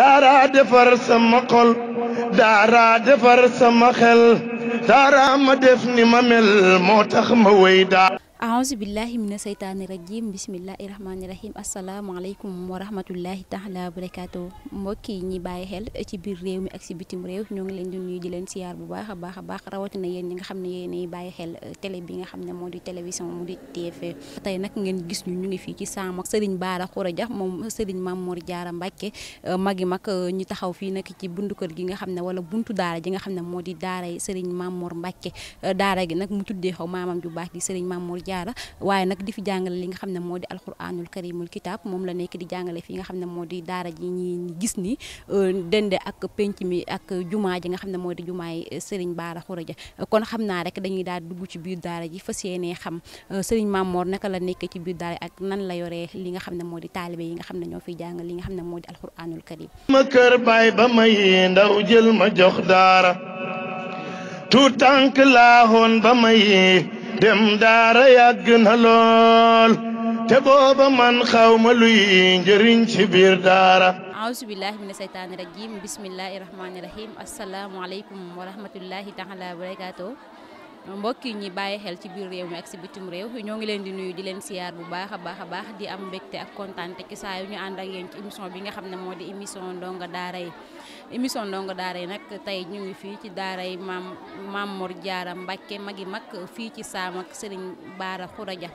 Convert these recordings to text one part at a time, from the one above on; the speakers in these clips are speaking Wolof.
دارا دفر سمقل دارا دفر سمخل دارا مدفني ممل موتخ مويدا aawuzu billahi mina seytaani rajim bisimillahi rahmaani rahim asalaamaaleykum wa rahmatullahi taala wa barakaatu mbokk yi ñi bàyyi xel ci biir réew mi ak si bitim réew ñoo ngi leen di nuyu di leen siyaar bu baax a baax a baax rawatina yéen ñi nga xam ne yéenay bàyyi xel eh, télé bi nga xam ne moo di télévision mu di TFM tey nag ngeen gis ñu ñu ngi fii ci saam ak Serigne Bara Khouradia moom Serigne Mamour Diarra Mbacke eh, magi mag eh, ñu taxaw fii nag ci buntu kër gi nga xam ne wala buntu daara ji nga xam ne moo di daaray Serigne Mamour Mbacke daara gi nag mu tuddee xaw maamam ju baax di Serigne Mamour jaara waaye nag di fi jàngale li nga xam ne moo di alquranul karimul kitab moom la nekk di jàngale fi nga xam ne moo di daara ji ñi gis ni euh, dende ak penc mi ak jumaa ji nga xam ne moo di jumaay euh, Serigne Bara Khouradia kon xam naa rek dañuy daal dugg ci biir daara ji fas yéenee xam euh, Serigne Mamor naka la nekkee ci biir daara ak nan la yoree li nga xam ne moo di taalibe yi nga xam ne ñoo fiy jàngal li nga xam ne moo di alquranul karim ma kër baay ba ma yee ndaw jël ma jox daara tuut tànk laahoon ba ma yee dem daara yàgg na lool te booba man xawma luy njëriñ ci biir daara aousubillahi mina seytaani rajim bismillahi rahmaani rahim asalaamualeykum wa rahmatullahi taala wa barakatuh mbokk yi ñi bàyyi xel ci biir réew mi ak si bitim réew ñoo ngi leen di nuyu di leen siyaar bu baax a baax a baax di am mbégte ak kontaan te ki saa yu ñu ànd ak yéen ci émission bi nga xam ne moo di émission ndongo daara yi émission dongo daara yi nag tey ñu ngi fii ci daara yi maam maam jaara Diarra mag yi mag fii ci saam ak Serigne Baara ja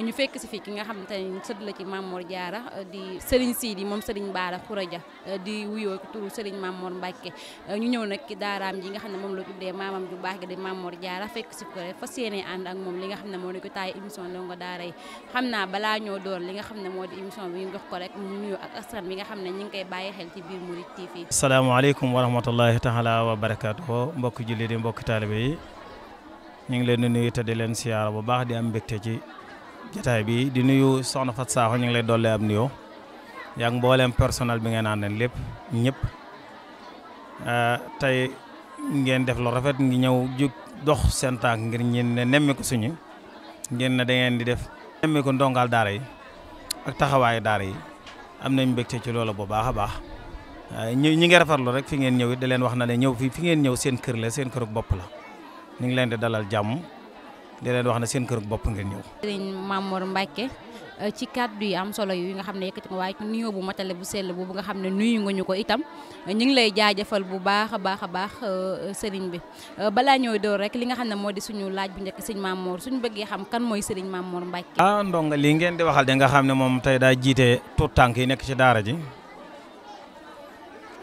ñu fekk si fii ki nga xamante ne sët la ci maam Mor Diarra di Serigne Sidi moom Serigne Baara Khuraja di wuyoo turu Serigne maam Mor Mbacke ñu la tuddee maamam ju baax gi fekk si ko rek fas yéene li nga xam ne moo di ko taay émission ndongo daara yi xam naa balaa ñoo doon li nga xam ne moo di émission bi ñu jox ko rek mu nuyu ak askan bi nga xam ne ñu ngi koy bàyyi xel ci biir Mouride TV Assalamualaikum warahmatullahi taala wabarakatuh. mbok julli di mbok talibe yi ñi ngi leen di nuyu te di leen siyar bu baax di am mbégte ci jotaay bi di nuyu soxna Fat Sakho ñi ngi lay dolle am nuyoo yaa ngi personnel bi ngeen lepp ñepp euh tay ngeen def lo rafet ngi ñew dox sen tank ngir ñeen ne nemmi ko suñu ngeen na da ngeen di def nemmi ko ndongaal daara yi ak taxaway daara yi am nañ mbekté ci loolu bu baaxa baax Euh, ñu ñi ngi rafetlu rek fi ngeen ñëw it di leen wax na ne ñëw fi fi ngeen ñëw seen kër la seen kërug bopp la ñu ngi leen di dalal jàmm di leen wax ne seen kërug bopp ngeen ñëw. sëriñ Mamour Mbacke euh, ci kàddu yi am solo yu nga xam ne yëkkati nga bu matale bu sell boobu nga xam ne nuyu nga ñu ko itam ñu ngi lay jaajëfal bu baax a baax a baax euh, sëriñ bi balaa ñëw door rek li nga xam ne moo di suñu laaj bu njëkk sëñ Mamour suñu bëggee xam kan mooy sëriñ Mamour Mbacke. ah ndonga lii ngeen di waxal de nga xam ne moom tey daa jiite tuut tànk yi nekk ci daara ji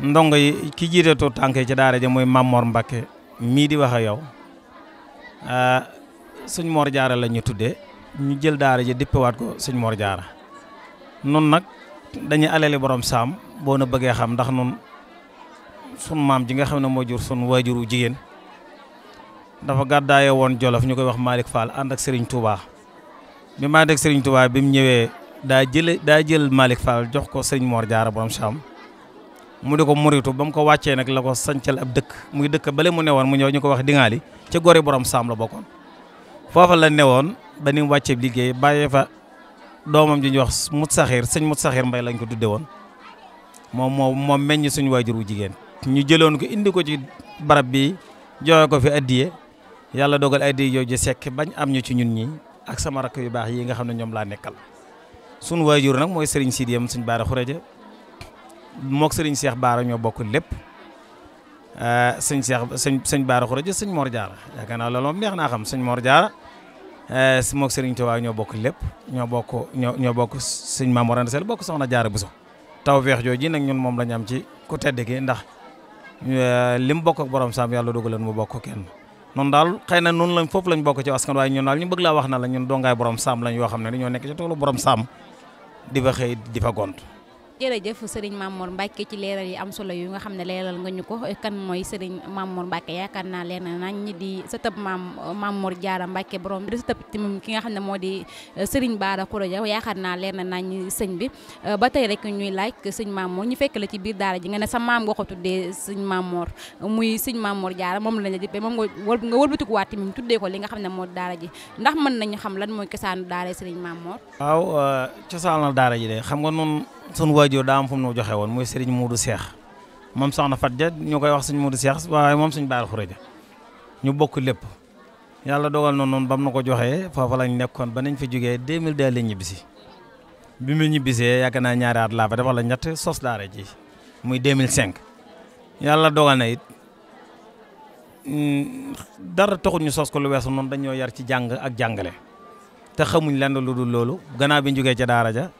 ndongo yi ki jiite tuut tànk yi ci daara ja mooy Mamor Mbakke mii di wax a yow ah, suñ Mor Jaara la ñu tuddee ñu jël daara ja dippewaat ko suñ Mor Jaara nun nag dañuy alali borom saam boo na bëggee xam ndax nun sun maam ji nga xam ne moo jur sun waajuru jigéen dafa gàddaaye woon Jolof ñu koy wax Malick Fall ànd ak Serigne Touba bi Malick sëriñ Touba bi mu ñëwee daa jële daa jël maalik Fall jox ko sëñ moor Jaara borom saam mu di ko muritu ba mu ko wàccee nag la ko sancal ab dëkk muy dëkk boram mu lo mu ñëw ñu ko wax dingaali ca gori borom saam la bokkoon foofa la newoon ba ni mu wàccee liggéey fa domam ji ñuy wax mut saxiir sëñ mut saxiir mbay lañ ko tudde woon moom moo moom meññ suñu waajur wu jigéen ñu jëloon ko indi ko ci barab bi joxe ko fi addiye dogal bañ am ñu ci ñun ñi ak sama rakk yu baax yi nga xam ne ñoom nekkal suñu waajur nag mooy mook sëriñ seex Baara ñoo bokk lépp euh, sëñ Cheikh sëñ sëñ Baara Xuraja sëñ Mor Jaara yaakaar naa loolu moom neex naa xam sëñ Mor Jaara euh, mook sëriñ Tuubaa ñoo bokk lépp ñoo bokk ñoo ñoo bokk sëñ Maam Mor Anta Sali bokk soxna Jaara Buso tawfeex jooju nag ñun moom lañ am ci ku tedd ki ndax euh, li mu bokk ak borom saam yàlla dogaloon mu bokk kenn noonu daal xëy na noonu lañ foofu lañ bokk ci askan waaye ñun daal ñu bëgg laa wax na la ñun dongaay borom saam lañ yoo xam ne ñoo nekk ci toolu borom di fa di fa jërëjëf Serigne Mamour Mbacke ci leeral yi am solo yu nga xam ne leeral nga ñu ko kan mooy Serigne Mamour Mbacke yaakaar naa leen nañ ñi di sëtëb maam Mamour Diarra Mbacke borom di sëtëb tamit ki nga xam ne moo di eh, Serigne Bara Khourédia yaakaar naa leen nañ sëñ bi eh, ba tey rek ñuy laaj sëñ Mamour ñu fekk la ci biir daara ji nga ne sa maam nga ko tuddee sëñ Mamour muy sëñ Mamour Diarra moom lañ la dippee moom nga nga wëlbatikuwaat tamit tuddee ko li nga xam ne moo daara ji ndax mën nañu xam lan mooy cosaanu daara Serigne Mamour waaw eh, cosaanu daara ji de xam nga noonu sunu waajur daa am fu nu joxe woon muy Serigne Modou Cheikh moom soxna Fat Ja ñu koy wax suñ du Cheikh waaye moom suñ Baal Khourédia ñu bokk lépp yàlla dogal na noonu ba mu na ko joxee foofa lañ nekkoon ba nañ fa jógee 2000 daal la ñibbisi bi mu ñibbisee yàgg naa ñaari at laa fa def wala ñett sos daara ji muy 2005 yàlla dogal na it mm, dara taxul ñu sos ko lu weesu noon dañoo yar ci jàng ak jàngale te xamuñ lenn lu du loolu gannaaw bi ñu jógee ca daara ja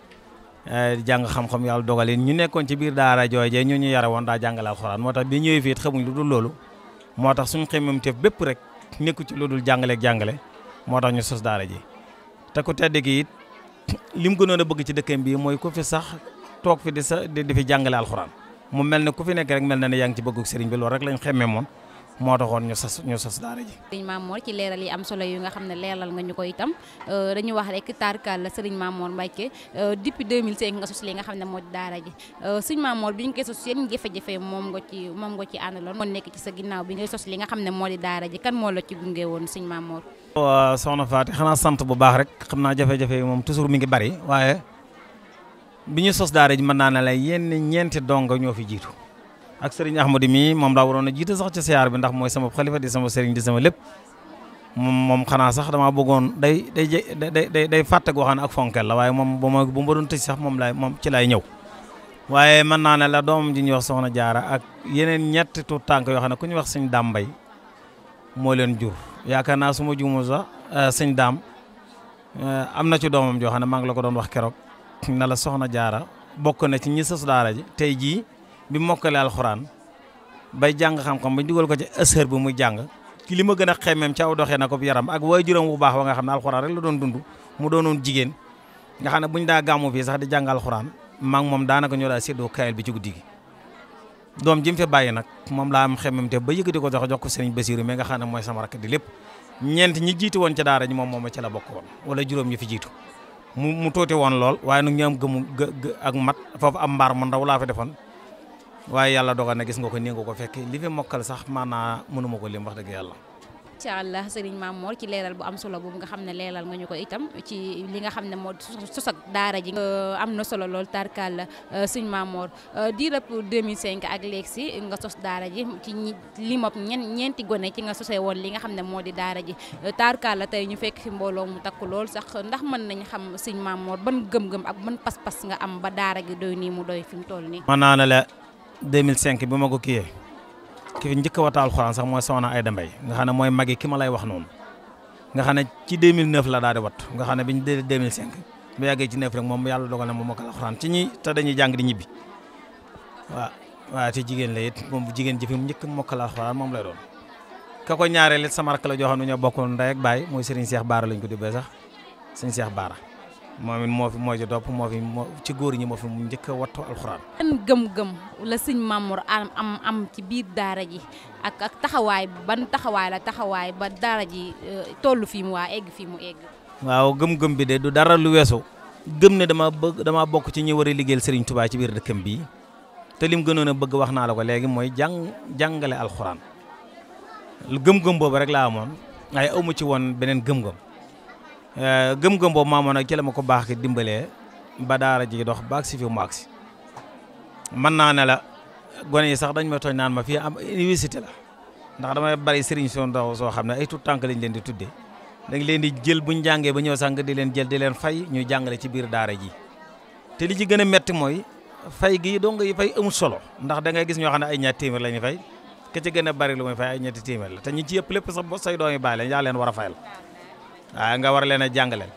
Eh, jàng xam-xam yàlla dogalin ñu nekkoon ci biir daara joojee ñu ñu yare woon daa jàngale alxuraan moo tax bi ñëwee fi it xamuñ lu dul loolu moo tax suñu xemam teef bépp rek nekku ci lu dul jàngale jàngale moo tax ñu sos daara ji te ku tedd gi it lim gënoon a bëgg ci dëkkam bi mooy ku fi sax toog fi di sa di fi jàngale alxuraan mu mel ne ku fi nekk rek mel na ne yaa ngi ci bëggu sëriñ bi loolu rek lañ xemmee moon moo taxoon ñu sas ñu sas daara ji. sëriñ Mamour ci leeral yi am solo nga xam ne leeral nga ñu ko itam euh, dañu wax rek tarkal la sëriñ Mamour Mbacke euh, depuis 2005 nga sos li nga ne moo di daara ji euh, sëriñ Mamour bi ñu koy sos yéen jafe-jafe nga ci moom nga ci nekk ci sa ginnaaw bi ngay sos li nga xam ne moo di daara ji kan moo la ci gunge woon sëriñ Mamour. waaw soxna Faati xanaa sant bu baax rek xam naa jafe-jafe yi moom toujours mi ngi bari waaye bi ñu sos daara ji mën naa ne la yenn ñeenti dongo ñoo fi jiitu. ak sëriñ Ahmadu mi moom laa waroon a jiite sax ci siyaar bi ndax mooy sama xalifa di sama sëriñ di sama lépp moom xanaa sax damaa bëggoon day day day day day fàtte goo xam ne ak fonkel la waaye moom bu ma bu ma doon tëj sax moom laay moom ci laay ñëw. waaye mën naa ne la doomam ji ñuy wax soxna jaara ak yeneen ñetti tuut tànk yoo xam ne ku ñu wax sëñ daam mbay moo leen jur yaakaar naa su ma sax euh, sëñ daam euh, am na ci doomam joo xam ne maa ngi la ko doon wax keroog na la soxna jaara bokk na ci ñi sës daara ji tey jii. bi mokkale alxuraan bay jàng xam-xam ba dugal ko ci asar bi muy jàng ci li ma gën a xemmeem ci aw doxee na ko yaram ak waajuram bu baax wa nga xam ne alxuraan rek la doon dundu mu doonoon jigéen nga xam ne buñ daa gàmmu fii sax di jàng alxuraan maa ngi moom daanaka ñoo daa séddoo kaayal bi ci guddi gi doom ji mu fi bàyyi nag moom laa am xemmem te ba yëkkati ko jox jox ko sëriñ Basiru mais nga xam ne mooy sama rakk di lépp ñeent ñi jiit woon ca daara ji moom moom ci la bokk woon wala juróom ñi fi jiitu mu mu tuuti woon lool waaye nag ñu am gëmu ak mat foofu am mbaar mu ndaw laa fi defoon waaye yàlla dogal na gis nga ko nii nga ko fekk li fi mokkal sax maanaa mënuma ko lim wax dëgg yàlla incha allah sëriñ Mamour ci leeral bu am solo boobu nga xam ne leeral nga ñu ko itam ci li nga kala ne moo sos ak daara ji euh, am na solo lool tarkal sëriñ Mamour diirab 2005 ak léegi si nga sos daara ji ci limop ñen ñeenti gone ci nga sosee woon li nga xam ne di daara ji euh, tarkal tey ñu fekk fi mbooloo mu takku lool sax ndax mën nañ xam Mamour ban gëm-gëm ak ban pas-pas nga am ba daara gi doy nii mu doy fi mu toll la 2005 bi ma ko kiyee ki fi njëkk a wata alxuraan sax mooy soxna Ayda Mbaye nga xam ne mooy magi ki ma lay wax noonu nga xam ne ci 2009 la daal di wat nga xam ne bi ñu dee 2005 bu yàggee ci neuf rek moom yàlla dogal na moom mokkal alxuraan ci ñi te dañuy jàng di ñibbi waaw waaw te jigéen la it moom bu jigéen ji fi mu njëkk mokkal alxuraan moom lay doon ka ko ñaareel it sama rakk la joo xam ne ñoo bokkoon ndey ak baay mooy Serigne Cheikh Baara lañ ko dubbee sax Serigne Cheikh Baara moom it moo fi moo ci topp moo fi moo ci góor ñi moo fi mu njëkk a wattu alxuraan. ban gëm-gëm la sëñ Mamour am am ci biir daara ji ak ak taxawaay ban taxawaay la taxawaay ba daara ji euh, toll fii mu waa egg fii mu egg. waaw gëm-gëm bi de du dara lu weesu gëm ne dama bëgg dama bokk ci ñi war liggéey liggéeyal Serigne ci biir dëkkam bi te lim gënoon a bëgg wax naa la ko léegi mooy jàng jàngale alxuraan lu gëm-gëm boobu rek la amoon waaye amu ci woon beneen gëm-gëm. Eh, gëm-gëm boobu maamoon nag ci la ma ko baax ki dimbalee ba daara ji dox ba si fi mu agsi mën naa ne la gone yi sax dañ ma tooñ naan ma fi am université la ndax damay bari sëriñ soo ndaw soo xam ne ay tut tànk lañ leen di tuddee dañ leen di jël buñ jàngee ba ñëw sax di leen jël di leen fay ñu jàngale ci biir daara ji te li ci gën a metti mooy fay gi dong yi fay amul solo ndax da ngay gis ñoo xam ne ay ñaar téeméer la ñu fay ke gën a bari lu muy la te ñu ci yëpp lépp sax bo say doom yi bàyyi leen war a fayal waaw ah, nga war leen a jàngale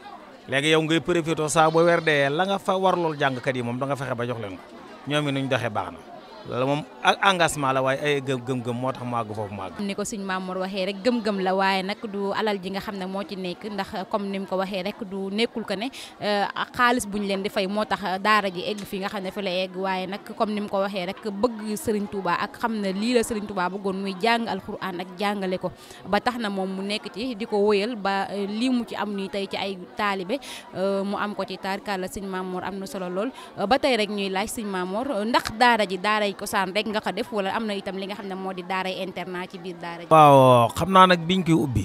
léegi yow ngay profité saa boo wer dee la nga fa war lool jàngkat yi moom da nga fexe ba jox leen ko ñoom it nuñ doxee baax na. loolu moom ak engagement la waaye ay gëm-gëm moo tax màgg foofu màgg. ni ko suñ Mamour waxee rek gëm-gëm la waaye nag du alal ji nga xam ne moo ci nekk ndax comme ni mu ko waxee rek du nekkul ko ne euh, xaalis bu ñu leen di fay moo tax daara ji egg fi nga xam ne fi la egg waaye nag comme ni mu ko waxee rek bëgg Serigne Touba ak xam ne lii la Serigne Touba bëggoon muy jàng alxuraan ak jàngale ko ba tax na moom mu nekk ci di ko wóyal ba euh, lii mu ci am nii tey ci ay taalibe euh, mu am ko ci taar kàlla suñ Mamour am na solo lool ba tey rek ñuy laaj suñ Mamour ndax daara ji daara ay cosaan rek nga ko def wala am na itam li nga xam ne moo di daaray internat ci biir daara waaw xam naa nag biñ koy ubbi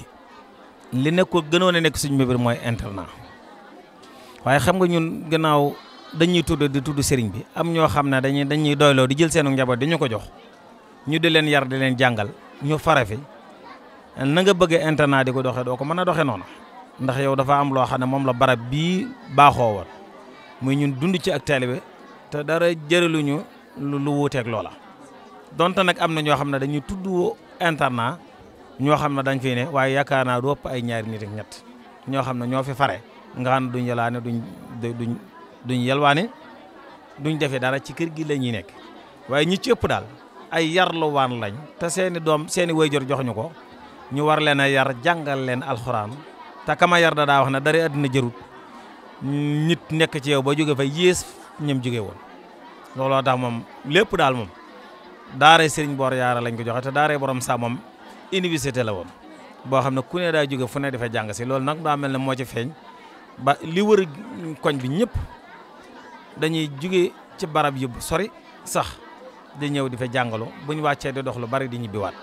li nekkul gënoon a nekk suñu mbir mooy internat waaye xam nga ñun gannaaw dañuy tudd di tudd sëriñ bi am ñoo xam ne dañuy dañuy doyloo di jël seenu njaboot di ko jox ñu di leen yar di leen jàngal ñu fare fi na nga bëgg internat di ko doxee doo ko mën a doxee noonu ndax yow dafa am loo xam ne moom la barab bii baaxoo woon lu wuuteeg loola donte nag am na ñoo xam ne dañuy tudd internat ñoo xam ne dañ fi ne waaye yaakaar naa du ëpp ay ñaari nit ñett ñoo xam ne ñoo fi fare nga xam ne duñ yalaane duñ duñ duñ duñ defee dara ci kër gi la ñuy nekk waaye ñi ci ëpp daal ay yar yarluwaan lañ te seeni doom seeni wayjur joxuñu ko ñu war leen a yar jàngal leen alxuraan te kama yar da daa wax ne dara àddina jërut nit nekk ci yow ba jóge fa yées ñam jóge woon looloo tax moom lépp daal moom daare Serigne Boor Yaara lañ ko joxe te daaray borom saa moom université la woon boo xam ne ku ne daa jóge fu ne dafay jàng si loolu nag daa ne moo ci feeñ ba li wër koñ bi ñëpp dañuy jóge ci barab yu sori sax di ñëw di fa jàngalu bu ñu wàccee di dox lu bari di ñibbiwaat.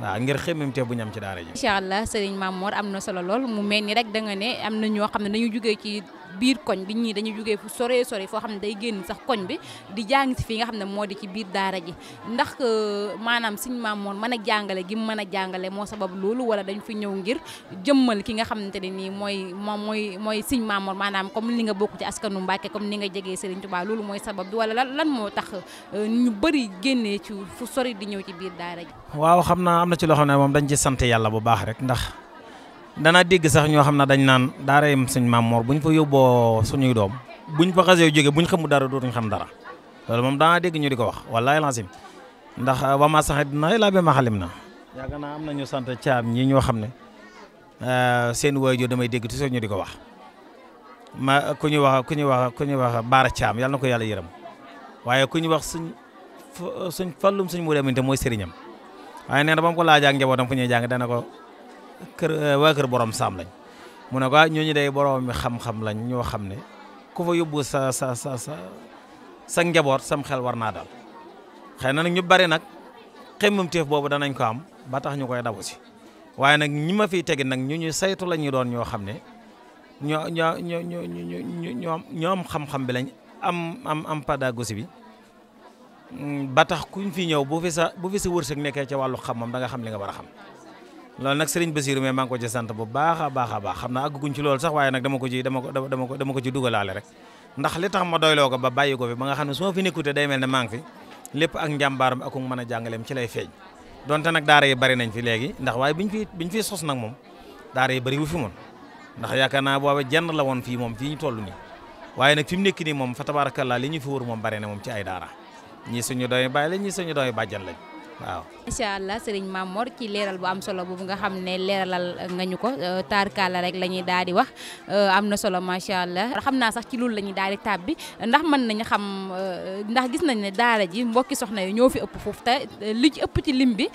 waaw ngir xemmemte bu ñam ci daara ji. incha allah sëriñ Mamour am na solo lool mu mel ni rek da nga ne am na ñoo xam ne dañuy jugee ci biir koñ bi ñii dañuy jugee fu sore sore foo xam ne day génn sax koñ bi di jàng fii nga xam ne moo di ci biir daara ji ndax euh, maanaam sëriñ Mamour mën a jàngale gi mën a jàngale moo sabab loolu wala dañ fi ñëw ngir jëmmal ki nga xamante ne nii mooy moom mooy mooy sëriñ Mamour maanaam comme li nga bokk ci askanu Mbàkke comme ni nga jegee sëriñ Tuubaa loolu mooy sabab bi wala lan moo tax euh, ñu bëri génnee ci fu sori di ñëw ci biir daara ji am na ci moom dañ ci sant yàlla bu baax rek ndax danaa dégg sax ñoo xam ne dañ naan daara yam suñ maam Mor buñ fa yóbboo suñuy doom buñ fa xasee jógee buñ xamul dara dootuñ xam dara loolu moom danaa dégg ñu di ko wax wallaahi lancim ndax wa ma saxit na laa be ma xalim na yaakaar naa am nañu sant caam ñii ñoo xam ne euh, seen waajur damay dégg toujours ñu di ko wax ma ku ñu wax ku ñu wax ku ñu wax baara caam yàlla na ko yàlla yërëm waaye ku ñu wax suñ suñ fàllum suñ mu demante mooy sëriñam waaye nee na ko laaja ak njabootam fu ñuy jàng dana ko kër eh, waa kër boroom saam lañ mu ne ko ah, ñooñu day borom mi xam-xam lañ ñoo xam ne ku fa yóbbu sa sa sa sa sa njaboot sam xel war naa dal xëy na nag ñu bari nag xemmam téef boobu danañ ko am ba tax ñu koy dabu si waaye nag ñi ma fiy tegi nag ñu ñu saytu la ñu doon ñoo xam ne ñoo ñoo ñoo ñoo xam-xam bi lañ am am am bi. Mm, ba tax kuñ fi ñëw bu fi sa wërsëg nekkee ca wàllu xam moom da nga xam li nga war a xam loolu nag Serigne Bassirou mais maa ngi ko ci sant bu baax a baax a baax xam naa àgguñ ci loolu sax waaye nag dama ko ci dama ko dama ko dama ko ci dugalaale rek ndax li tax ma doyloo ko ba bàyyi ko fi ba nga xam ne su fi nekkutee day mel ne maa ngi fi lépp ak njàmbaaram ak mën a jàngaleem ci lay feeñ donte nag daara yi bari nañ fi léegi ndax waaye biñ fi biñ fi sos nag moom daara yi bari wu fi moom ndax yaakaar naa booba jenn la woon fii moom fii ñu toll nii waaye nag fi mu nekk moom bari na moom ci ay ñii suñu doomi baay lañ ñii suñu doomi bàjjan waaw incha allah sëriñ Mamor ci leeral bu am solo boobu nga xam ne leeralal nga ñu ko euh, taarkaala rek la ñuy daal di wax euh, am na solo macha allah xam naa sax ci loolu la ñuy daal di tab bi ndax mën nañu xam euh, ndax gis nañ ne daara ji mbokki soxna yi ñoo fi ëpp foofu li ci ëpp ci lim bi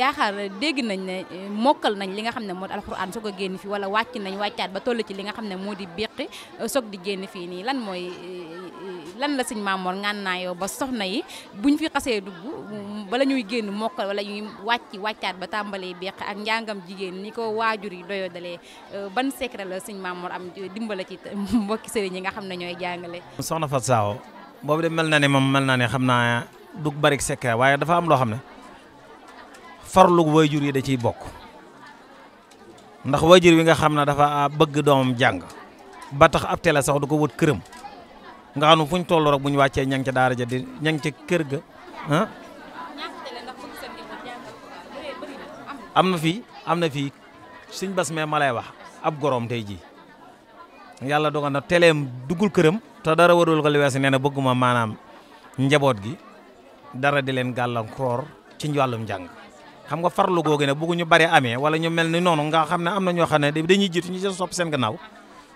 yaakaar dégg nañ ne mokkal nañ li nga xam ne moo di alxuraan soog a génn fii wala wàcc nañ wàccaat ba toll ci li nga xam ne moo di béqi soog di génn fii nii lan mooy lan la sëñ Mamor ngaan naa yow ba soxna yi buñ fi xasee dugg bala ñuy génn mokkal wala ñuy wàccaat ba tàmbalee beq ak njàngam jigéen ni ko waajur yi doyoo dalee euh, ban secret la sëñ Mamour am dimbala ci mbokki sëriñ yi nga xam ne ñooy jàngale. soxna Fatou Sakho boobu de mel na ne moom mel na ne xam naa du bari secret waaye dafa am loo xam ne farlu waajur yi da ciy bokk ndax waajur wi nga xam ne dafa bëgg doomam jàng ba tax ab télé sax du ko wut këram nga xam ne fu ñu toll rek bu ñu wàccee ña daara ja di kër ga ah, am na fii am na fi suñ bas mee ma lay wax ab goroom tey ji yàlla dogal na teleem duggul këram te dara warul ko li weesu nee na bëgguma maanaam njaboot gi dara di leen gàllankoor ci wàllum njàng xam nga farlu googu ne bëggu ñu bari ame wala ñu mel ni noonu nga xam ne am na ñoo xam ne dañuy jiitu ñu ci sopp seen gannaaw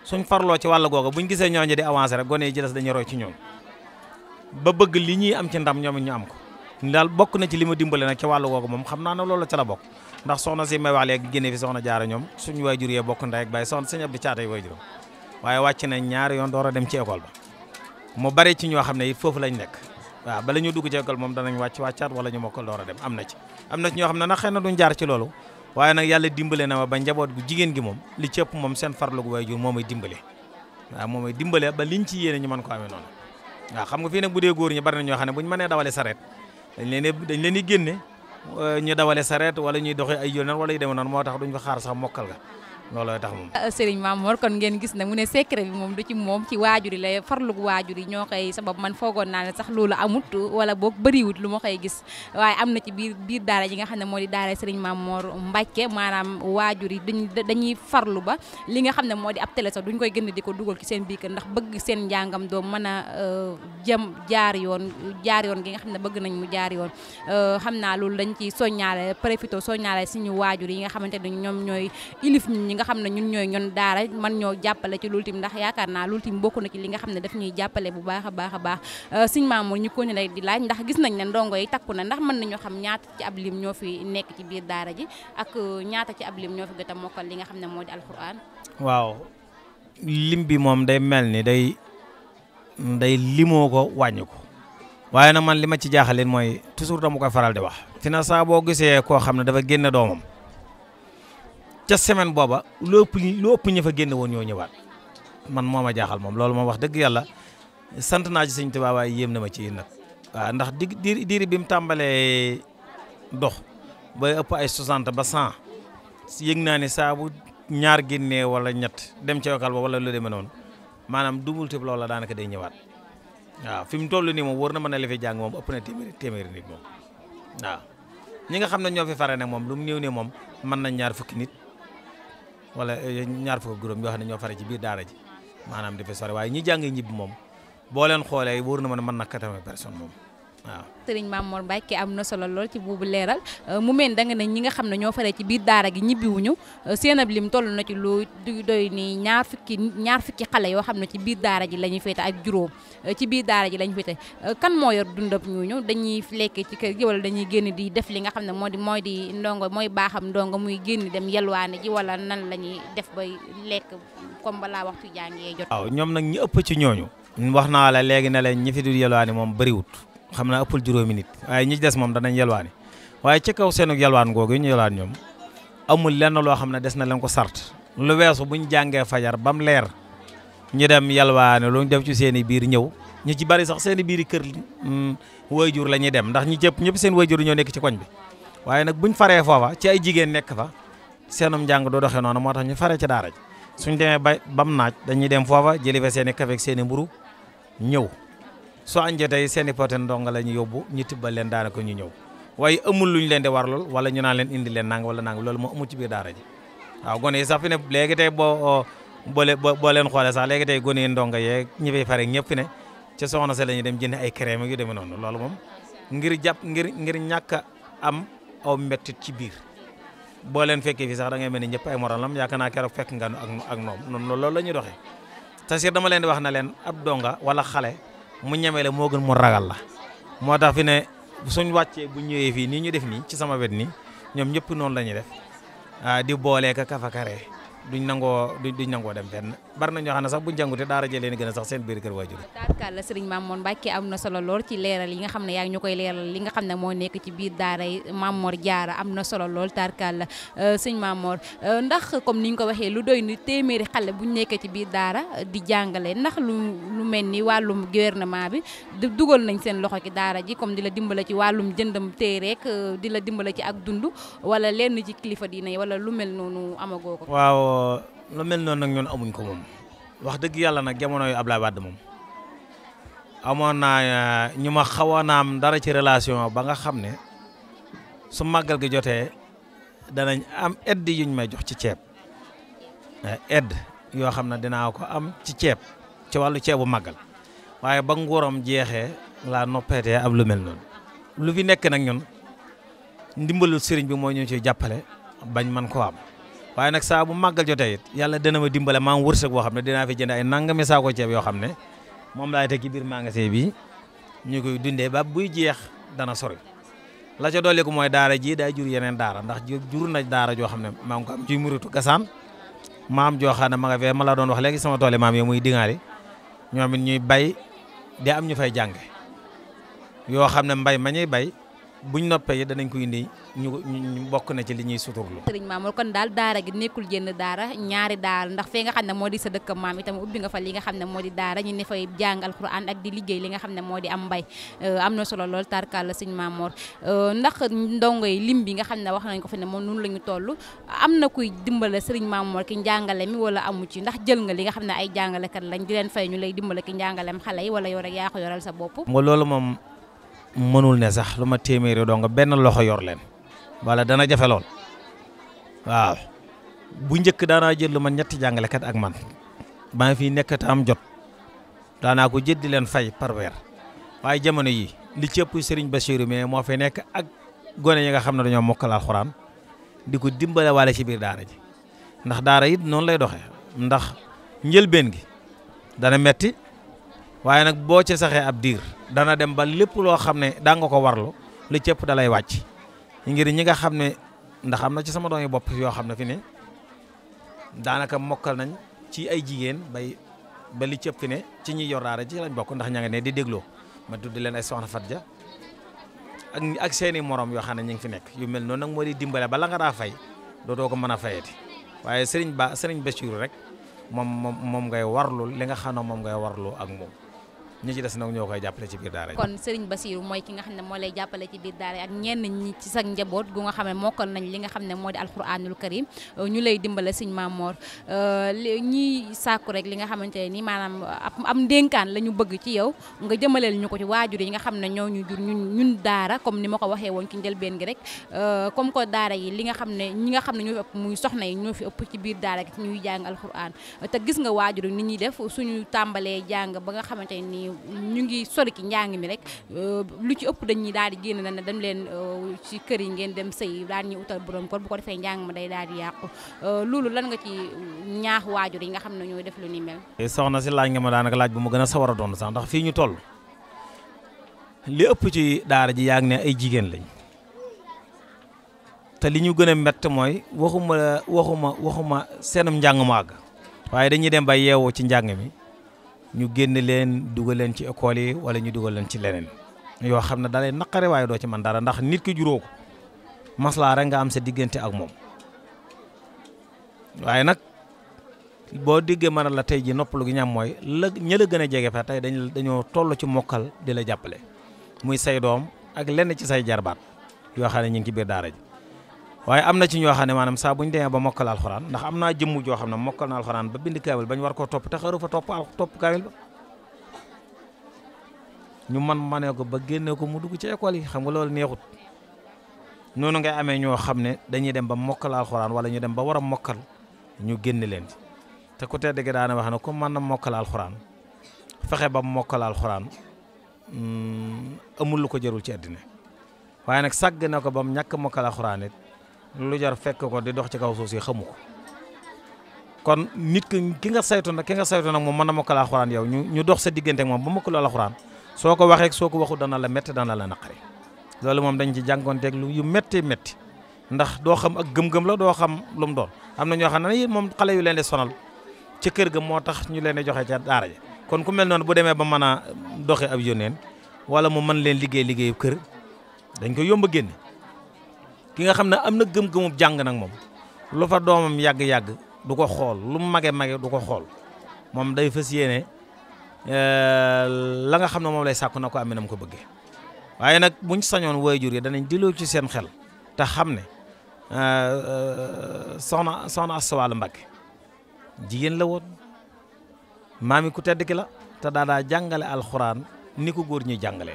suñ farloo ci wàll googu buñ gisee ñooñu di avancé rek gone yi ci des dañuy ci ñoom ba bëgg li ñuy am ci ndam ñoom ñu am ko daal bokk na ci li ma dimbale nag ci wàllu googu moom xam naa ne loolu ca la ndax soxna si may wax léegi génne fi soxna jaara ñoom suñu waajur yee bokk ndey ak baay soxna sëñ Abdou Thiatay waajuram waaye wàcc nañ ñaari yoon door a dem ci école ba mu bare ci ñoo xam ne it foofu lañ nekk waaw bala ñu dugg ci école moom danañ wàcc wàccaat wala ñu mokkal door a dem am na ci am na ci ñoo xam ne nag xëy na duñ jaar ci loolu waaye na yàlla dimbale na ma ba njaboot gu jigéen gi moom li cëpp moom seen farlu gu waajur moo may dimbale waaw moo may dimbale ba liñ ci yéene ñu mën ko amee noonu waaw xam nga fii nag dee góor ñi bari na ñoo xam ne buñ mënee dawale sareet dañ dañ leen di génne ñu dawale sareet wala ñuy doxee ay yoon wala yu demee noonu moo tax duñ fa xaar sax mokkal ga looloo tax moom. Ah, Serigne Mamour kon ngeen gis na mu ne secret bi moom du ci moom ci waajur yi lay farlu waajur yi ñoo koy sabab man foogoon naa ne sax loolu amut wala boog bëriwut lu ma koy gis waaye am na ci biir biir daara yi nga xam ne moo di daara Serigne Mamour Mbacke maanaam waajur yi dañuy dañuy farlu ba li nga xam ne moo di ab télé sax duñ koy gën di ko dugal ci seen biir kër ndax bëgg seen njàngam doom mën a euh, jëm jaar yoon jaar yoon gi nga xam ne bëgg nañ mu jaar yoon euh, xam naa loolu dañ ci soññaale profito soññaale suñu waajur yi nga xamante ne ñoom ñooy nga xam ne ñun ñooy ñun daara man ñoo jàppale ci l'ultime ndax yaakaar naa l'ultime bokk na ci li nga xam ne daf ñuy jàppale bu baax a baax a baax euh, sëñ Mamour ñu continuer di laaj ndax gis nañ ne ndongo yi takku na ndax mën nañoo xam ñaata ci ab lim ñoo fi nekk ci biir daara ji ak euh, ñaata ci ab liim ñoo fi gëta mokkal li nga xam ne moo di alquran waaw lim bi moom day mel ni day day limoo ko wàññi ko waaye nag man li ma ci jaaxaleen mooy toujours dama koy faral di wax. fi boo gisee koo xam ne dafa génn doomam ca semaine booba lu ëpp lu ëpp ña fa génn woon ñoo ñëwaat man moo ma jaaxal moom loolu moom wax dëgg yàlla sant naa ci sëñ Tuubaa waaye yéem na ma ci nag. waaw ndax di diir diir bi mu tàmbalee dox bay ëpp ay 60 ba 100 yëg naa ne saabu ñaar génnee wala ñett dem ca ba wala lu demee noonu maanaam double type loola daanaka day ñëwaat waaw fi mu toll nii moom wóor na mën a la jàng moom ëpp na téeméeri téeméeri nit moom waaw ñi nga xam na ñoo fi fare ne moom lu mu néew ne moom mën nañ ñaar fukki nit. wala eh, ñaar fukk juróom yoo xam ne ñoo fare ci biir daara ji maanaam dafay sore waaye ñi jàngee ñibbi moom boo leen xoolee wóor na ma ne mën na 80 moom waaw sëriñ Mamour Mbacke am na solo lool ci boobu leeral euh, mu mel da nga ne ñi nga xam ne ñoo faree ci biir daara gi ñibbiwuñu euh, seen ab lim toll na ci lu doy nii ñaar fukki ñaar fukki xale yoo xam ne ci biir daara ji la ñuy féete ak juróom euh, ci biir daara ji la ñu féete kan moo yor dundab ñooñu dañuy lekke ci kër gi wala dañuy génn di def li nga xam ne moo di mooy di ndongo mooy baaxam ndongo muy génn dem yelwaane ji wala nan la ñuy def bay lekk comme balaa waxtu jàngee jot. waaw ñoom nag ñu ëpp ci ñooñu. wax naa la léegi ne la ñi fi dul yelwaane moom bëriwut xam naa ëppul juróomi nit waaye ñi des moom danañ yalwaani waaye ci kaw seenug yalwaan googu ñu yalwaan ñoom amul lenn loo xam ne des na leen ko sart lu weesu buñ jàngee fajar bam leer ñu dem yalwaani lu ñu def ci seen i biir ñëw ñu ci bari sax seeni biir kër mm, waajur la ñuy dem ndax ñu jëpp ñëpp seen waajur ñoo nekk ci koñ bi waaye nag buñ faree foofa ci ay jigéen nekk fa seenum njàng doo doxee noonu moo tax ñu faree ci daara suñ demee ba bam naaj dañuy dem foofa jëli fa seen i kafe seeni mburu ñëw so anje jotee seni poten ndonga lañu yobbu ñu yóbbu ñu tibbal leen daanaka ñu ñew way amul luñu ñu leen di war lol wala ñu naan leen indi leen nang wala nang lol mo amu ci bi daara ji wa gone sa fi ne léegi tey bo oh, boo boo leen xoolee sax léegi tey gone yi ndongo yeeg ñi fay faré ñëpp fi ne ci soxna sa lañu dem jënd ay crème yu dem non lol mom ngir japp ngir ngir ñaka am aw metti ci bir bo leen fekke fi sax da ngay melni ni ay moralam yaakaar naa keroog fekk nga ak ak noom non lol lañu doxé tassir dama len di wax na len ab donga wala xalé mu ñeme la moo gën mu ragal la moo tax fi ne suñ wàccee bu ñëwee fii nii ñu def nii ci sama wet nii ñoom ñëpp noonu la ñuy def ah, di boolee ka kafa kare duñ nangoo duñ nangoo dem fenn bari na ñoo xam ne sax bu ñu jàngute daara jëlee leen gën a sax seen biir kër waajur tatkalla sëriñ Mamour Mbacke am na solo lool ci leeral yi nga xam ne yaa nga xam ne moo nekk ci biir daaray Mamour Diarra am na solo lool tatkalla euh, sëriñ Mamour euh, ndax comme ni ñu ko waxee lu doy ni téeméeri xale bu ñu nekkee ci biir daara di jàngale ndax lu lu mel ni wàllum gouvernement bi dugal nañ seen loxo ci daara ji comme di la dimbale ci wàllum jëndam téereek euh, di la dimbala ci ak dund wala lenn ci kilifa diine wala lu mel noonu amagoo lu mel noonu nag ñun amuñ ko moom wax dëgg yàlla nag jamono yu Ablaye Wade moom amoon naa eh, ñu ma xawoon naam dara ci relation ba nga xam ne su màggal gi jotee danañ am edd yuñ ma jox ci ceeb edd eh, yoo xam ne dinaa ko am ci ceeb ci wàllu ceebu màggal waaye ba nguuram jeexee laa noppeetee ab lu mel noonu lu fi nekk nag ñun ndimbalul sëriñ bi mooy ñu ci jàppale bañ man ko am waaye nag saa bu màggal jotee it yàlla dana ma dimbale maa ngi wërsëg boo xam ne dinaa fi jënd ay nangami saako ceeb yoo xam ne moom laay teg ci biir magasin bi ñu koy dundee ba buy jeex dana sori la ca dolli ko mooy daara jii day jur yeneen daara ndax jur na daara joo xam ne maa ngi ko am ciy muritu gasaan maam joo xam ne ma nga fee ma la doon wax léegi sama tool yi maam yi muy dingaali ñoom it ñuy bay di am ñu fay jànge yoo xam ne mbay ma ñuy bay buñ noppee danañ ko indi ñu ñu bokk na ci li ñuy suturlu. sëriñ Mamour kon daal daara gi nekkul jenn daara ñaari daara ndax fee nga xam ne moo di sa dëkk maam itam ubbi nga fa li nga xam ne moo di daara ñu ne fay jàng alquran ak di liggéey li nga xam ne moo di am mbay euh, am na solo lool tarkalla sëriñ Mamour euh, ndax ndongo yi lim bi nga xam ne wax nañ ko fi ne moom noonu la ñu toll am na kuy dimbale sëriñ Mamour ki njàngale mi wala amu ci ndax jël nga li nga xam ne ay jàngalekat lañ di leen fay ñu lay dimbale ki njàngalem xale yi wala yow rek yaa ko yoral sa bopp. nga loolu moom mënul né sax luma téméré do nga ben loxo yor leen wala dana jafé lol waaw bu ñëk dana jël luma ma ñetti kat ak man maa fi nekk am jot dana ko jël di leen fay par wér waye jamono yi li ci ëpp Serigne Bassirou mé mo fi nekk ak goné yi nga dañoo ci bir daara ji ndax daara yi non lay doxé ndax ben gi dana metti waye nak bo ci saxé ab dir dana dem ba lepp lo xamné da nga ko warlo li cëpp dalay wacc ngir ñi nga xamné ndax amna ci sama doomi bopp yoo xam ne fi ne daanaka mokal nañ ci ay jigen bay ba li cëpp fi né ci ñi yor daara ci lañ bok ndax ña nga di déglo ma tudd leen ay soxna Fatja ak ak seeni morom yo xamné ñi fi nek yu mel non nak mo di ba la nga da fay do ko mëna fayati waye Serigne Ba Serigne Bassirou rek mom mom ngay warlu li nga xano mom ngay warlu ak mom ñi ci des nag ñoo koy jàppale ci biir daara kon Serigne Bassirou mooy ki nga xam ne moo lay jàppale ci biir daara ak ñenn ñi ci sa njaboot gu nga xam ne li nga xam ne moo di alxuraanul euh, la ñu bëgg ci yow nga ko ci waajur yi nga xam ne ñoo ñu jur ñun ñun ni ma ko waxee woon ci njëlbeen gi rek euh, li nga xam ne ñi nga xam ne ñoo muy soxna yi ñoo fi ëpp ci biir daara gi ñuy jàng alxuraan te gis nga waajur yi ni ñuy def suñu tàmbalee jàng ba nga xamante ni ñu ngi sori ki njàng mi rek euh, lu ci ëpp dañuy daal di génn na dem leen euh, ci kër yi ngeen dem sëy daal ñuy utal borom kër bu ko defee njàng ma day daal di yàqu euh, loolu lan nga ci ñaax waajur yi nga xam ne ñooy def lu ni mel. Eh, soxna si laaj nga ma daanaka laaj bu mu gën a sawar a doon sax ndax fi ñu toll li ëpp ci daara ji yaa ngi ay jigéen lañ. te li ñu gën a mett mooy waxuma waxuma waxuma seenum njàng mu àgg waaye dañuy dem ba yeewoo ci njàng mi ñu génn leen dugal leen ci école yi wala ñu dugal leen ci leneen yoo xam ne da naqare waaye doo ci man dara ndax nit ki juróo maslaa rek nga am sa diggante ak moom waaye nag boo diggee mën a la tey ji noppalu gi ñam mooy la ña la gën a jege fa tey dañ dañoo toll ci mokkal di la jàppale muy say doom ak lenn ci say jarbaat yoo xam ne ñu ngi ci biir daara ji waye amna ci ñoo xamne manam sa buñu bu ba mokal alcorane ndax amna jëm jëmm xamne mokal na alcorane ba bind kaamil bañ war ko top ta xaru fa topp top kaamil ba ñu man mané ko ba génné ko mu dugg ci école yi xam nga lool neexut nonu ngay amé ñoo xamne dañuy dem ba mokal alcorane wala ñu dem ba wara mokal mokkal ñu génne leen te ku tedd gi daana wax ne ku mën na mokal alcorane fexé ba alcorane hmm amul lu ko jërul ci adina waye nak sag na ko ba mu ñàkk lu jar fekk ko di dox ci kaw suuf si xamu ko kon nit ki ki nga saytu nag ki nga saytu nag moom mën na mokkal alxuraan yow ñu ñu dox sa diggante ak moom ba mokkal alxuraan soo ko waxee soo ko waxu dana la métti dana la naqari loolu moom dañ ci jànkoonteeg lu yu métti métti ndax doo xam ak gëm-gëm la doo xam lu mu doon am na ñoo xam ne moom xale yu leen di sonal ci kër ga moo tax ñu leen di joxe ca daara ja kon ku mel noonu bu demee ba mën a doxee ab yónneen wala mu mën leen liggéey liggéeyu kër dañ ko yomb a ki nga xam ne am na gëm-gëmub jàng nag moom lu fa doomam yàgg-yàgg du ko xool lu mu mage mage du ko xool moom day fas yéene euh, la nga xam ne moom lay sàkku na ko amee na mu ko bëggee waaye nag buñ sañoon waajur yi danañ diloo ci seen xel te xam ne euh, euh, soxna soxna Asta Walo Mbacké jigéen la woon maami ku tedd ki la te daa daa jàngale alxuraan ni ko góor ñi jàngalee.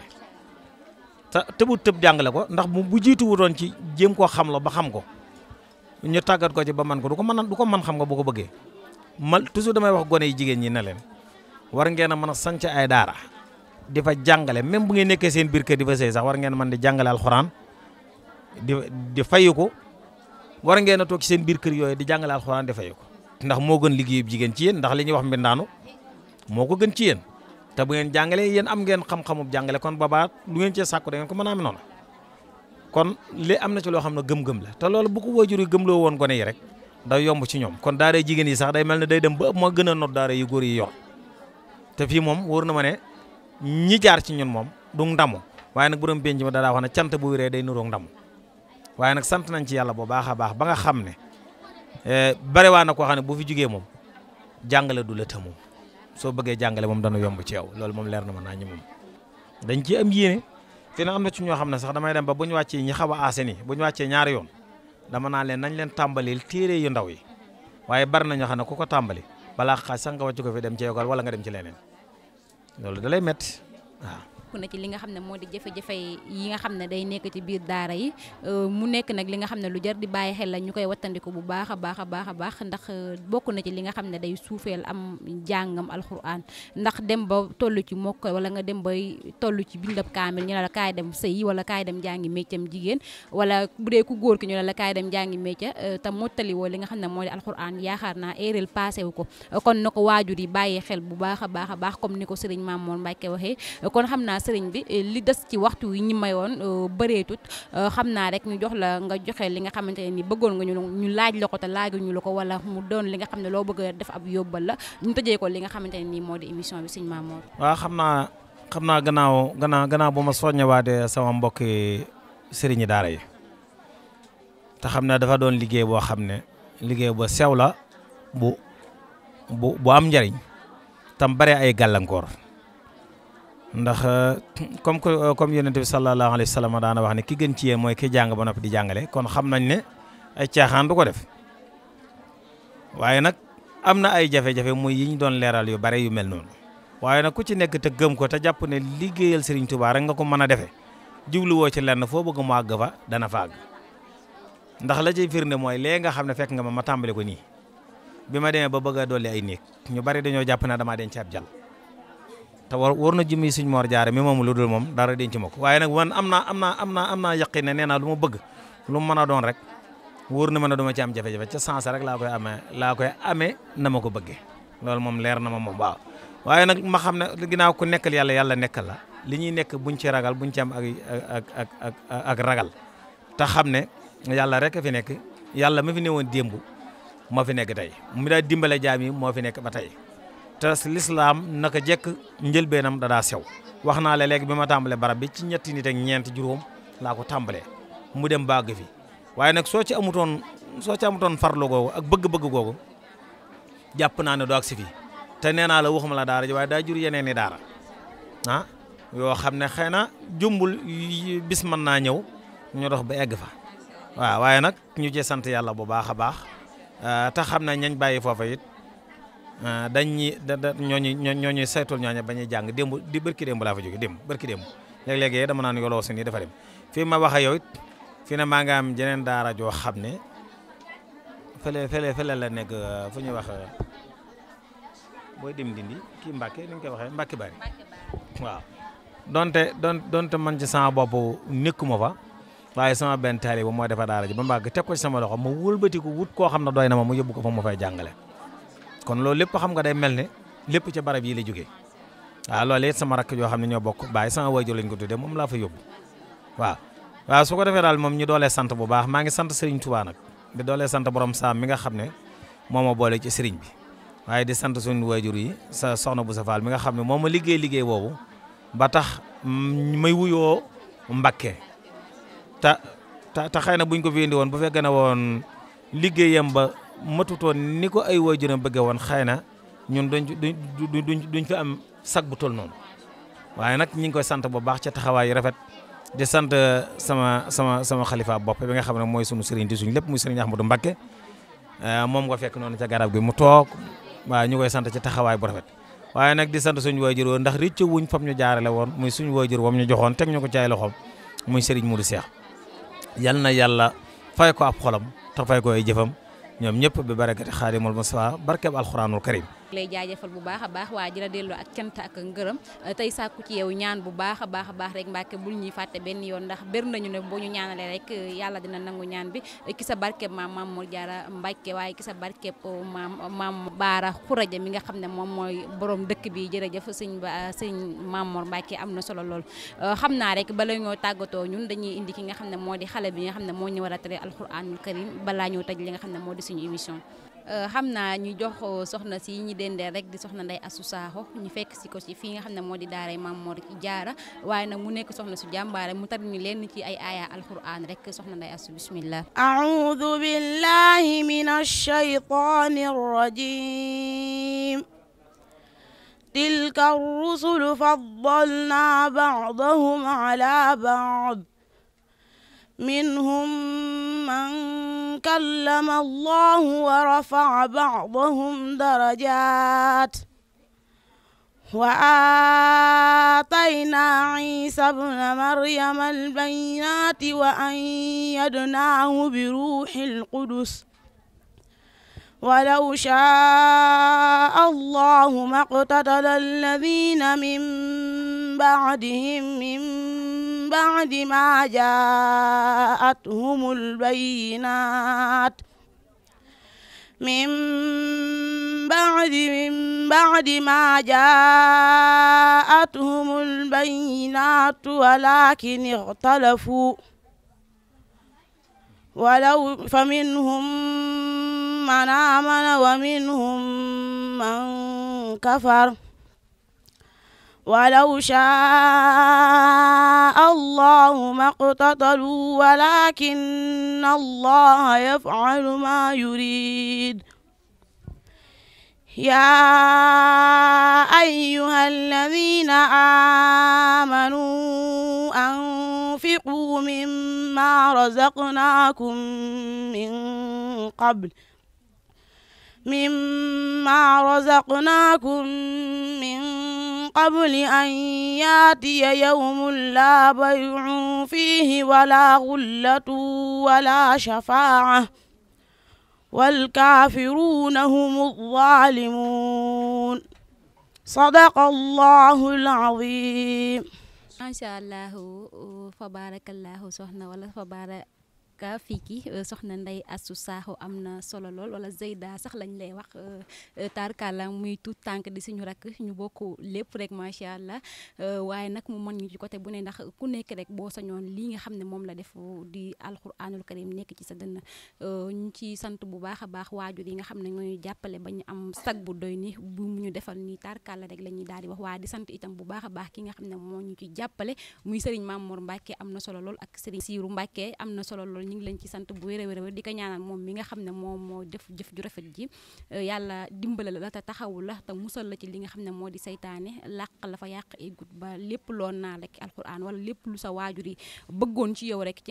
te tëbu tëb jàngale ko ndax mu bu jiitu wutoon ci jéem koo xam la ba xam ko ñu tàggat ko ci ba man ko du ko mën du ko mën xam nga bu ko bëggee mal toujours damay wax gone yi jigéen ñi ne leen war ngeen a mën sanc ay daara di fa jàngale même bu ngeen nekkee seen biir kër di fa sëy sax war ngeen mën di jàngale alxuraan di di fayu ko war ngeen a toog ci seen biir kër yooyu di jàngale alxuraan di fayu ko ndax moo gën liggéey jigéen ci yéen ndax li ñuy wax mbindaanu moo ko gën ci yéen te bu ngeen jàngalee yéen am ngeen xam-xamub jàngale kon boobaa lu ngeen cee sàkku da ngeen ko mën a am kon li am na ci loo xam ne gëm-gëm la te loolu bu ko waajur yi gëmloo woon gone yi rek day yomb ci ñoom kon daara jigéen yi sax day mel ne day dem ba moo gën a not daara yu góor yi yor te fii moom wóor na ma ne ñi jaar ci ñun moom du ndamu waaye nag borom benn ji ma daa wax ne bu wéree day nuroog ndamu waaye nag sant nañ ci yàlla bu baax a baax ba nga xam ne eh, bare na koo xam ne bu fi jugee moom jàngale du la tëmu soo bëggee jàngale moom dana yomb ci yow loolu moom leer na ma naa ñi moom dañ ci am yéene te na am na ci ñoo xam ne sax damay dem ba bu ñu wàccee ñi xaw ni bu ñu wàccee ñaari yoon dama naa leen nañ leen tàmbalil téere yu ndaw yi waaye bari na ñoo xam ne ku ko tàmbali balaa xa sax nga ko fi dem cee yokkal wala nga dem ci leneen loolu da lay metti waaw bokk na ci li xam ne moo di jafe yi nga xam ne day nekk ci biir daara yi euh, mu nekk nag li nga xam ne lu jar di bàyyi xel la ñu koy wattandiku bu baax a baax a baax a baax ndax euh, bokk na ci li nga xam ne day suufeel am jàngam alxuraan ndax dem ba tollu ci mokk wala nga dem bay tollu ci bindab kaamil ñu ne la kaay dem sëyi wala kaay dem jàngi méccam jigéen wala bu dee ku góor ki ñu ne la kaay dem jàngi mécca euh, te mottali woo li nga xam ne mooy di alxuraan yaakaar naa éeréel passé wu ko kon na ko waajur yi bàyyee xel bu baax a baax a baax comme ni ko sëriñ Mamour Mbacke waxee kon xam naa sëriñ bi eh, li des ci waxtu wi ñi mayoon eh, bëreetut eh, xam naa rek ñu jox la nga joxe li nga xamante ne ni bëggoon nga ñu ñu laaj la ko te laajuñu la ko wala mu doon li nga xam ne loo bëgg a def ab yóbbal la ñu tëjee ko li nga xamante ne nii moo di émission bi sëñ Mamour. waaw xam naa xam naa gannaaw gannaaw gannaaw bu ma soññewaatee sama mbokki sëriñi daara yi te xam ne dafa doon liggéey boo xam ne liggéey bu sew la bu bu bu am njariñ tam bare ay gàllankoor. ndax euh, comme que euh, comme yonent bi sallallahu alayhi wa sallam daana wax ne ki gën ci yéen mooy ki jàng ba noppi di jàngale kon xam nañ ne ay caaxaan du ko def waaye nag am na ay jafe-jafe muy yi ñu doon leeral yu bare yu mel noonu waaye nag ku ci nekk te gëm ko te jàpp ne liggéeyal Serigne Touba rek nga ko mën a defee woo ci lenn foo bëgg mu àgg fa dana fa àgg ndax la ciy firnde mooy lee nga xam ne fekk nga ma ma tàmbali ko nii bi ma demee ba bëgg a dolli ay néeg ñu bari dañoo jàpp ne damaa denc ab te war na jëmmi suñ moor jaare mi moom lu dul moom dara denc ma ko waaye nag man am naa am na am naa am naa ne nee naa lu ma bëgg lu mu a doon rek wóor na ma ne du ma ci am jafe-jafe ca sens rek laa ko amee laa koy amee na ma ko bëggee loolu moom leer na ma moom waaw waaye nag ma xam ne ginnaaw ku nekkal yàlla yàlla nekkal la li ñuy nekk buñ ci ragal buñ ci am ak ak ak ragal te xam ne yàlla rek a fi nekk yàlla ma fi newoon démb moo fi nekk tey mu daa dimbale jaam yi moo fi nekk ba tey te lislaam naka jekk njëlbeenam da sew wax naa la léegi bi ma tàmbalee barab bi ci ñetti nit ak ñeenti juróom laa ko tàmbalee mu dem bàgg fi waaye nag soo ci amutoon soo ci amutoon farlu googu ak bëgg-bëgg googu jàpp naa ne doo ak si fii te nee naa la waxuma la daara ji waaye daa jur yeneen i daara ah yoo xam ne xëy na jumbul bis mën naa ñëw ñu dox ba egg fa waaw waaye nag ñu ci sant yàlla bu baax a baax ah, te xam ne ñañ bàyyi foofa Ah, dañuy da da ñooñu ñooñu saytul ñooñu ba ñuy jàng démb di barki démb laa fa jógee démb barki démb léeg-léeg dama naan yoloo si nii dafa dem fii ma wax ak fii ne maa nga am jeneen daara joo xam ne fële fële fële la nekk ah, fu ñuy wax ah, booy dem dindi kii mbake ni ñu koy waxee Mbacke bari waaw donte don donte man ci sama bopp nekkuma fa waaye sama benn taaliba moo defa daara ji ba mbàgg teg ko ci sama loxo ma wëlbatiku wut koo xam ne doy na ma mu yóbbu ko fa mu fay jàngale kon loolu lépp xam nga day mel ne lépp ca barab yi la jógee waaw loolu it sama rakk yoo xam ne ñoo bokk baa sama waajur lañ ko tuddee moom laa fa yóbbu waaw. waaw su ko defee daal moom ñu doolee sant bu baax maa ngi sant Serigne Touba nag di doolee sant borom saam mi nga xam ne moo ma boole ci Serigne bi waaye di sant suñu waajur yi sa soxna bu sa faal mi nga xam ne moo ma liggéey liggéey boobu ba tax may wuyoo Mbakke te te xëy na buñ ko fi indi woon bu fekkee matutoon ni ko ay waajuram bëgge woon xay na ñun du du duñ duñ fi am sag bu toll noonu waaye nag ñi ngi koy sant bu baax ca taxawaay yu rafet di sant uh, sama sama sama xalifa bopp nga xam ne mooy sunu sëriñ di suñ lépp muy sëriñ Ahmadou Mbakke uh, moom nga fekk noonu ca garab gi mu toog waaye ñu koy sant ci taxawaay bu rafet waaye nag di sant suñu waajur woon ndax rëcc wuñ fam ñu jaarale woon muy suñu waajur wam ñu joxoon teg ñu ko ci ay loxoom muy sëriñ Modou Cheikh yal yàlla fay ko ab xolam te fay ñom ñëpp bi barakati xaadimul musa barkeb alquranul karim ngi lay jaajëfal bu baax a baax waa ji la delloo ak cant ak ngërëm tey sàkku ci yow ñaan bu baax a baax a baax rek Mbàkke bul ñuy fàtte benn yoon ndax bér nañu ne boo ñu ñaanalee rek yàlla dina nangu ñaan bi ki sa barkeb maam maam Mor Jaara Mbàkke waaye ki sa barkeb maam maam Baara Xuraja mi nga xam ne moom mooy borom dëkk bi jërëjëf sëñ ba sëñ maam Mor Mbàkke am na solo lool xam naa rek bala ñoo tàggatoo ñun dañuy indi ki nga xam ne moo di xale bi nga xam ne moo ñu war a tere alxuraanul karim balaa ñoo taj li nga xam ne moo di suñu émission xamna ñu jox soxna si ñi dende rek di soxna nday Astou Sakho ñu fekk ci ko ci fi nga xamne modi daara di daaray ci Jaara waye nak mu nekk soxna su jàmbaare mu tarni len ci ay aya alquran rek soxna nday asu bismillah a'udhu billahi minash shaytanir rajim ar الرسل faddalna ba'dahum ala ba'd منهم من كلم الله ورفع بعضهم درجات وآتينا عيسى ابن مريم البينات وأيدناه بروح القدس ولو شاء الله ما اقتتل الذين من بعدهم من بعد ما جاءتهم البينات من بعد من بعد ما جاءتهم البينات ولكن اختلفوا ولو فمنهم من آمن ومنهم من كفر ولو شاء الله ما اقتتلوا ولكن الله يفعل ما يريد يا أيها الذين آمنوا أنفقوا مما رزقناكم من قبل ۖ مما رزقناكم من قبل أن ياتي يوم لا بيع فيه ولا غلة ولا شفاعة والكافرون هم الظالمون صدق الله العظيم ما شاء الله فبارك الله سبحانه ولا فبارك ka fii ki euh, soxna Ndey Astou Sakho am na solo lool wala Zeyda sax lañ lay wax euh, euh, tarkala muy tout tànk di suñu rakk ñu bokk lépp rek macha allah waaye nag mu mën ñu ci côté bu ne ndax ku nekk rek boo sañoon lii nga xam ne moom la def di alxuraanul karim nekk ci sa dënn ñu ci sant bu baax a baax waajur yi nga xam ne ñooy jàppale ba ñu am sag bu doy ni bu mu ñu defal nii tarkala rek la ñuy daal di wax waaye di sant itam bu baax a baax ki nga xam ne moo ñu ci jàppale muy Serigne Mamour Mbacke am na solo lool ak Serigne Siiru Mbacke am na solo lool ñu ngi leen ci sant bu wér a wér di ko ñaanal moom nga xam ne moom moo def jëf ju rafet ji euh, yàlla dimbala la te taxawu la te musal la ci li nga xam ne moo di saytaane làq la fa yàq egut ba lépp loon naa rek alquran wala lépp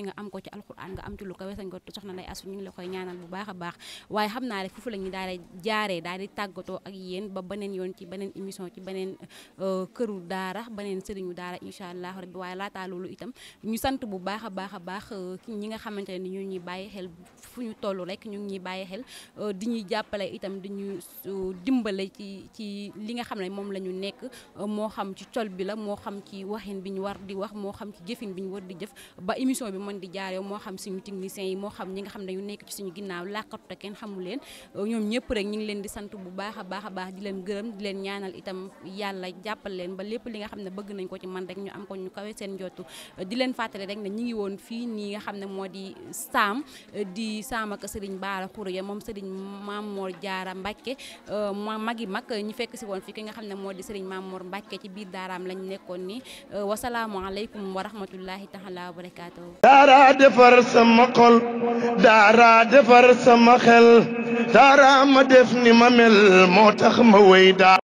nga am ko ci alquran nga am ci lu ko wesañ ko soxna Ndeye Astou ñu la koy bu baax a baax waaye xam naa rek foofu la ñu daal di jaaree daal di tàggatoo ak yéen ba beneen yoon ci beneen émission ci beneen euh, këru daara beneen sëriñu daara incha allah rabbi waaye laataa loolu itam ñu sant bu baax a baax a baax euh, ñi nga xam xamante ne ñu ngi ñuy bàyyi xel fu ñu toll rek ñu ngi ñuy bàyyi xel euh, di ñuy jàppale itam di ñu euh, dimbale ci ci li nga xam ne moom la ñu nekk euh, moo xam ci col bi la moo xam ci waxin bi ñu war di wax moo xam ci jëfin bi ñu war di jëf ba émission bi mën di jaaree moo xam suñu techniciens yi moo xam ñi nga xam ne ñu nekk ci suñu ginnaaw làkkatu kenn xamu leen ñoom ñëpp rek ñu ngi leen di sant bu baax a baax a baax di leen gërëm di leen ñaanal itam yàlla jàppal leen ba lépp li nga xam ne bëgg nañ ko ci man rek ñu am ko ñu kawe seen ci saam eh, di saam ak sëriñ baara mom moom sëriñ Mamor Jaara Mbàkke eh, magi mag eh, ñi fekk si woon fi ki nga xam ne moo di sëriñ Mamor Mbàkke ci biir daaraam lañ nekkoon ni wasalaamu aleykum wa rahmatullahi taala wa barakaatuhu daara defar sama xol daara defar sama xel dara ma def ni ma mel moo ma wéy daa